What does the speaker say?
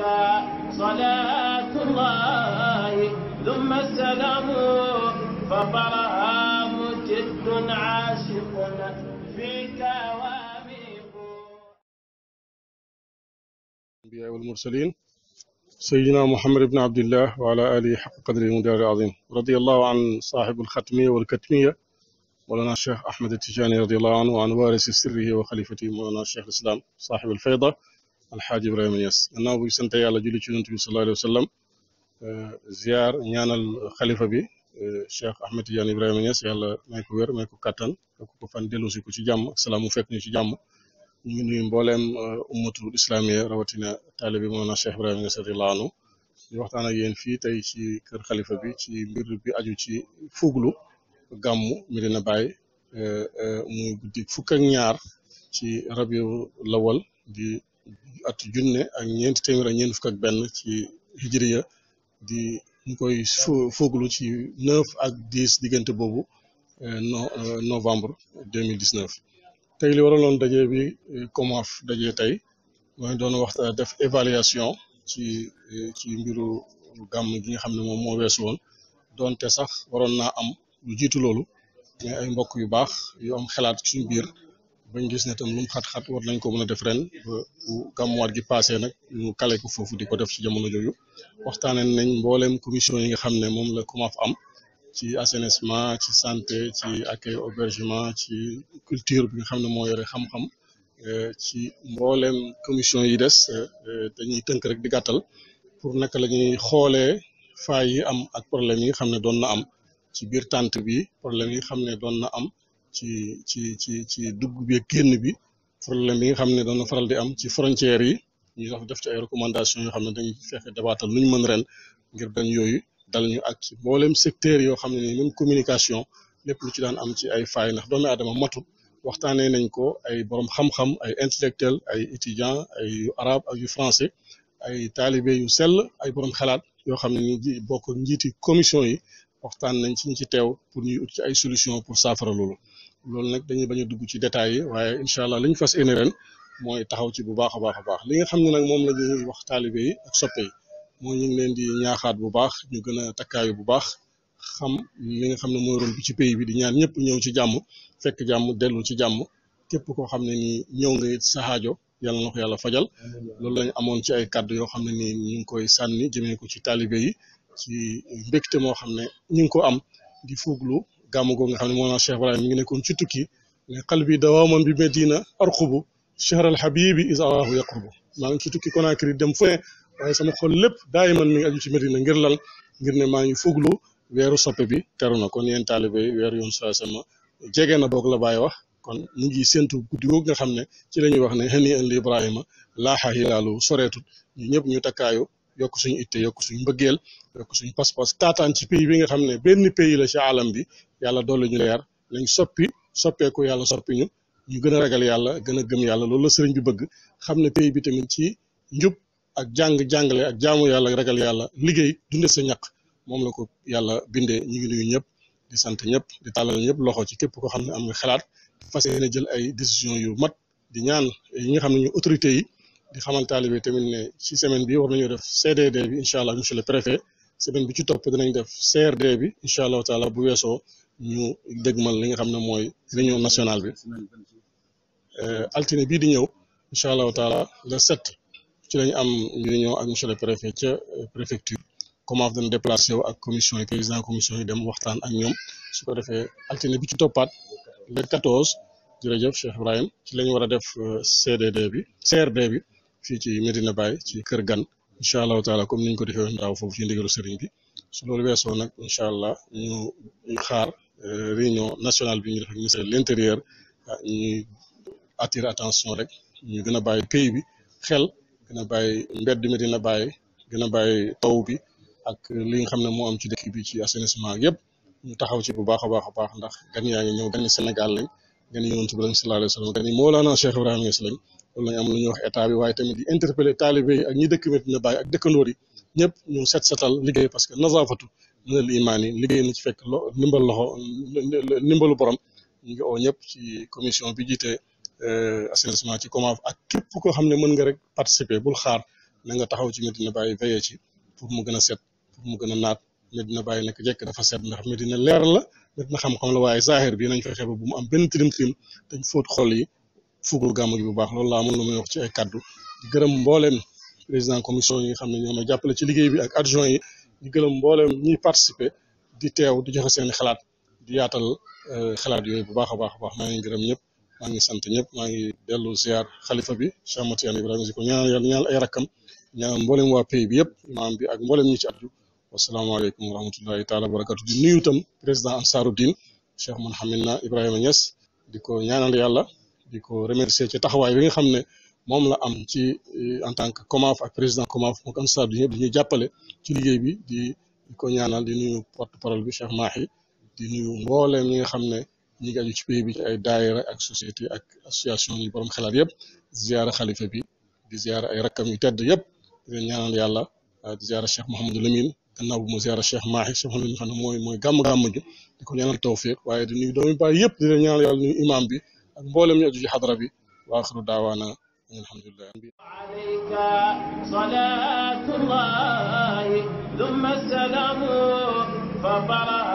عليك صلاة الله ثم السلام فبرهام جد عاشق فيك واميق الأنبياء والمرسلين سيدنا محمد بن عبد الله وعلى آله حق قدره المدار العظيم رضي الله عن صاحب الختمية والكتمية مولانا الشيخ أحمد التجاني رضي الله عنه وعن وارث سره وخليفته مولانا الشيخ الإسلام صاحب الفيضة alxaaji Ibrahima Niass gannaaw bu sant yàlla julli ci yonent bi sallallahu euh, ñaanal xalifa bi euh, Cheikh Ahmed Tidiane Ibrahima Niass yàlla may ko wér may ko kattan ak ko fan dellusi ci jàmm ak salaam mu fekk ñu ci jàmm mu ngi nuyu mbooleem euh, ummatu islamiya rawatina taalibi Mawlana Cheikh Ibrahima Niass radiyallahu anhu di waxtaan ak yéen fii tey ci kër xalifa bi ci mbir bi aju ci fuglu gàmmu Medina Baye muy guddi fukk ak ñaar ci rabiu lawal at junne ak ñeenti téeméer ak ñeent fukk ak benn ci hijriya di ñu koy fooglu ci neuf ak dix diggante boobu euh, euh, novembre deux mille dix li waraloon daje bi euh, COMAF daje tey mooy doon waxtaan def évaluation ci ci mbiru gàmm gi nga xam ne moom moo weesu woon doonte sax waroon naa am lu jiitu loolu mais ay mbokk yu baax yu am xalaat suñu biir bañ gis ne tam lu mu xat-xat war nañ ko mën a def ren bu gàmmuwaat gi passé nag ñu kale ko foofu di ko def ci jamono jooju waxtaanee nañ mbooleem commission yi nga xam ne moom la COMAF am ci assainissement ci santé ci accueil aubergement ci culture bi nga xam ne moo yore xam-xam eh, ci mbooleem commission yi des eh, dañuy tënk rek di gàttal pour naka la xoolee faay yi am ak problème yi nga xam ne doon na am ci biir tànt bi problème yi nga xam ne doon na am ci ci ci ci dugg bi ak génn bi problème bi nga xam ne dana faral di am ci frontières yi ñu sax def ci ay recommandations yoo xam ne dañuy fexe dabaatal lu ñu mën ren ngir bañ yooyu dal ñu ak ci mboolem secteur yoo xam ne ni même communication lépp lu ci daan am ci ay faay ndax doomu aadama matul waxtaanee nañ ko ay borom xam-xam ay intellectuel ay étudiant ay yu arabe ak yu français ay taalibe yu sell ay borom xalaat yoo xam ne ni bokk njiiti commission yi waxtaan nañ ci ñu ci teew pour ñuy ut ay solution pour saafara loolu. loolu nag dañu bañ a dugg ci détails yi waaye incha allah li fas yéene ren mooy taxaw ci bu baax a baax a baax li nga xam ne nag moom la ñuy wax taalibe yi ak soppe yi mooy ñu ngi leen di ñaaxaat bu baax ñu gën a takkaayu bu baax xam li nga xam ne mooy rôle bi ci pays bi di ñaan ñëpp ñëw ci jàmm fekk jàmm dellu ci jàmm képp koo xam ne nii ñëw nga it sa aajo yàlla na ko yàlla fajal loolu lañu amoon ci ay kàddu yoo xam ne nii ñu ngi koy sànni jëmee ko ci taalibe yi ci mbégte moo xam ne ñu ngi ko am di fuglu gàmm googu nga xam ne a Cheikh Ibrahim mi ngi nekkoon ci tukki ne qalbi dawaaman bi Medina arqubu chahr al habibi is arahu yaqrubu maa ngi ci tukki Conakry dem fu ne waaye sama xol lépp daayiman mi ngi aju ci Medina ngir lan ngir ne maa ngi fuglu weeru soppe bi teru na kon yéen taalibe weeru yoon saa sama jege na boog la bàyyi wax kon mu ngi séntu guddi googu nga xam ne ci la ñuy wax ne xëni Ibrahima laaxa hilaalu soreetut ñu ñëpp ñu yàlla dolli ñu leer nañ soppi soppeeku yàlla soppi ñu ñu gën a ragal yàlla gën a gëm yàlla loolu la sëriñ bi bëgg xam ne pays bi tamit ci njub ak jàng jàngale ak jaamu yàlla ragal yàlla liggéey dunde sa ñaq moom la ko yàlla bindee ñu ngi nuyu ñëpp di sant ñëpp di tàllal ñëpp loxo ci képp ko xam ne am nga xalaat fas yéene jël ay décision yu mat di ñaan yi nga xam ne ñu autorité yi di xamal taalibe tamit ne ci semaine bi war nañoo def CDD bi incha allah monsieur le préfet semaine bi ci topp dinañ def CRD bi incha ñu dégmal li nga xam ne mooy réunion nationale bi euh, altine bii di ñëw incha allahu taala le sept ci lañu am réunion ak monsieur le ca euh, préfecture comment dañ déplacé wu ak commission yi président commission yi dem waxtaan ak ñoom su ko defee altine bi ci toppaat le quatorze jërëjëf Cheikh Ibrahim ci lañu war a def euh, CDD bi CRD bi fii ci Medina baay ci Kër Gan incha allahu taala comme ni ñu ko defee woon daaw foofu ci ndigalu sëriñ bi su loolu weesoo nag incha allah ñu Euh, réunion nationale bi ñu def ministère de l'intérieur ah, ñuy attirer attention rek ñu gën a bàyyi pays bi xel gën a bàyyi mbedd mi dina bàyyi gën a bàyyi taw bi ak li nga xam ne moo am ci dëkk bi ci assainissement yëpp ñu taxaw ci bu baax a baax a baax ndax gan yaa ngi ñëw gan Sénégal lañ gan yonent bi lañ sallallahu alayhi wa sallam lañ loolu lañ am lu wax état bi waaye tamit di interpeller taalibe yi ak ñi dëkk Medina Baye ak dëkkandoor yi ñëpp ñu set setal liggéey parce que nazaafatu minal imaan yi liggéey na ci fekk lo ndimbal loxo ndimbalu borom ñu o oo ñëpp ci commission bi jiite euh, assainissement ci comment ak képp koo xam ne mën nga rek participer bul xaar na nga taxaw ci Medina Baye veillé ci pour mu gën a set pour mu gën a naat Medina Baye nekk jekk dafa set ndax Medina leeral la Medina xam-xam la waaye zahir bi nañ fexe ba bu mu am benn tilim tilim dañ fóot xol yi fugul gàmmu gi bu baax loolu laa mën la may wax ci ay kàddu di gërëm mbooleem président commission yi nga xam ne ñoo ma jàppale ci liggéey bi ak adjoint yi di gërëm mbooleem ñiy participer di teew di joxe seen xalaat di yaatal euh, xalaat yooyu bu baax a baax a baax maa ngi gërëm ñëpp maa ngi sant ñëpp maa ngi dellu ziar xalifa bi Cheikh Matiane Ibrahima Dicko ñaanal yàlla ñaanal ay rakkam ñaanal mboolem waa pays bi yëpp imaam bi ak mboolem ñi ci addu wasalaamaaleykum wa rahmatullahi taala wa barakatu di nuyu itam président Ansaruddin Cheikh Mouhamed na Ibrahima Niass di ko ñaanal yàlla di ko remercier ci taxawaay bi nga xam ne moom la am ci euh, en tant que COMAF ak président COMAF moo ko am stade bi di ñu jàppale ci liggéey bi di ko ñaanal di nuyu porte parole bi Cheikh Mahi di nuyu mbooleem ñi nga xam ne ñi ngi aju ci pays bi ci ay daayira ak société ak association yu borom xelaat yëpp ziyaara xalifa bi di ziyaara ay rakkam yu tedd yëpp di leen ñaanal yàlla ah, di ziyaara Cheikh Mouhamadou Lamine gannaaw bu mu ziyaara Cheikh Mahi Cheikh Mouhamadou xam ne mooy mooy gàmm-gàmm ji di ko ñaanal tawfiq waaye di nuyu doomi baay yëpp di leen ñaanal alhamdulilah alayka salatullahi thumma salamu fa